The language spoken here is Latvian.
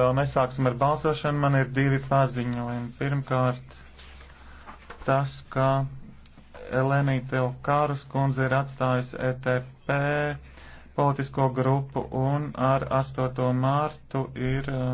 Vēl nesāksim ar balsošanu, man ir divi paziņojumi. Pirmkārt, tas, ka Elenija tev kāras kundze ir atstājusi ETP politisko grupu un ar 8. mārtu ir.